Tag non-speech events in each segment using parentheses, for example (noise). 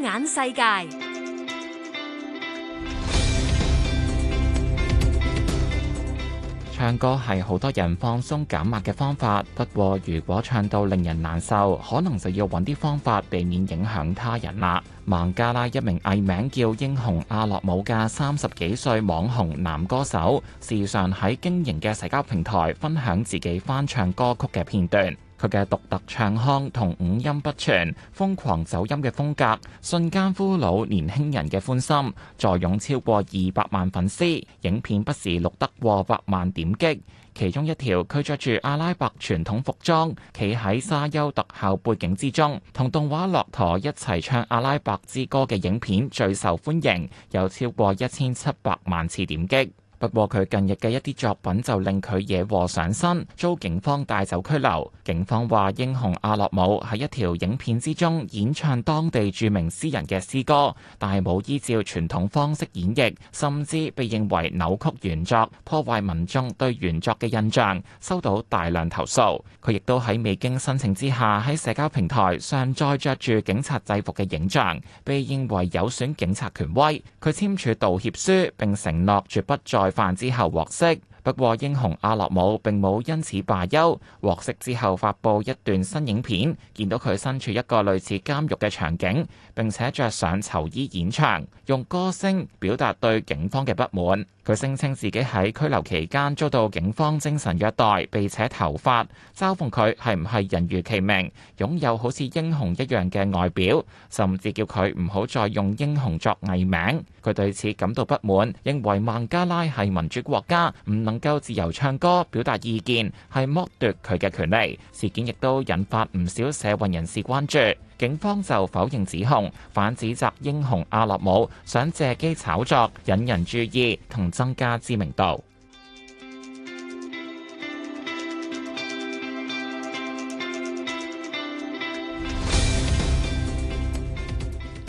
眼世界，唱歌係好多人放鬆減壓嘅方法。不過如果唱到令人難受，可能就要揾啲方法避免影響他人啦。孟加拉一名藝名叫英雄阿洛姆嘅三十幾歲網紅男歌手，時常喺經營嘅社交平台分享自己翻唱歌曲嘅片段。佢嘅獨特唱腔同五音不全、瘋狂走音嘅風格，瞬間俘虜年輕人嘅歡心，坐擁超過二百萬粉絲。影片不時錄得過百萬點擊，其中一條佢着住阿拉伯傳統服裝，企喺沙丘特效背景之中，同動畫駱駝一齊唱阿拉伯之歌嘅影片最受歡迎，有超過一千七百萬次點擊。不過佢近日嘅一啲作品就令佢惹禍上身，遭警方帶走拘留。警方話，英雄阿洛姆喺一條影片之中演唱當地著名詩人嘅詩歌，但係冇依照傳統方式演繹，甚至被認為扭曲原作，破壞民眾對原作嘅印象，收到大量投訴。佢亦都喺未經申請之下喺社交平台上載着住警察制服嘅影像，被認為有損警察權威。佢簽署道歉書，並承諾絕不再。飯之後獲釋。 (noise) 不過英雄阿諾姆並冇因此罷休，獲釋之後發布一段新影片，見到佢身處一個類似監獄嘅場景，並且着上囚衣演唱，用歌聲表達對警方嘅不滿。佢聲稱自己喺拘留期間遭到警方精神虐待，被扯頭髮，嘲諷佢係唔係人如其名，擁有好似英雄一樣嘅外表，甚至叫佢唔好再用英雄作藝名。佢對此感到不滿，認為孟加拉係民主國家，唔能能夠自由唱歌、表達意見，係剝奪佢嘅權利。事件亦都引發唔少社運人士關注。警方就否認指控，反指責英雄阿樂姆想借機炒作、引人注意同增加知名度。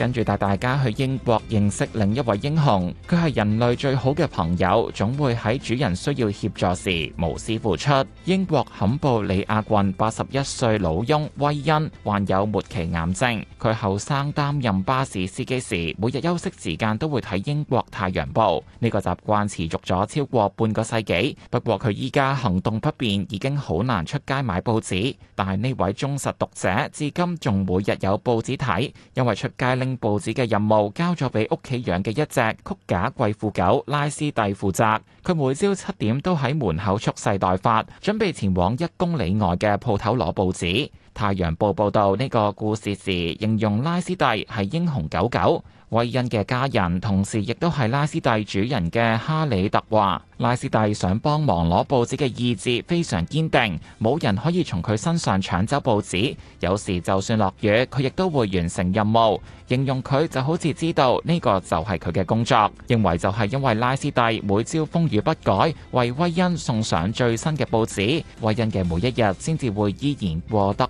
跟住帶大家去英國認識另一位英雄，佢係人類最好嘅朋友，總會喺主人需要協助時無私付出。英國坎布里亞郡八十一歲老翁威恩患有末期癌症，佢後生擔任巴士司機時，每日休息時間都會睇英國太陽報，呢個習慣持續咗超過半個世紀。不過佢依家行動不便，已經好難出街買報紙，但係呢位忠實讀者至今仲每日有報紙睇，因為出街拎。報紙嘅任務交咗俾屋企養嘅一隻曲架貴婦狗拉斯蒂負責，佢每朝七點都喺門口蓄勢待發，準備前往一公里外嘅鋪頭攞報紙。《太陽報》報道呢個故事時，形容拉斯蒂係英雄狗狗。威恩嘅家人，同時亦都係拉斯蒂主人嘅哈里特話，拉斯蒂想幫忙攞報紙嘅意志非常堅定，冇人可以從佢身上搶走報紙。有時就算落雨，佢亦都會完成任務。形容佢就好似知道呢個就係佢嘅工作，認為就係因為拉斯蒂每朝風雨不改，為威恩送上最新嘅報紙，威恩嘅每一日先至會依然獲得。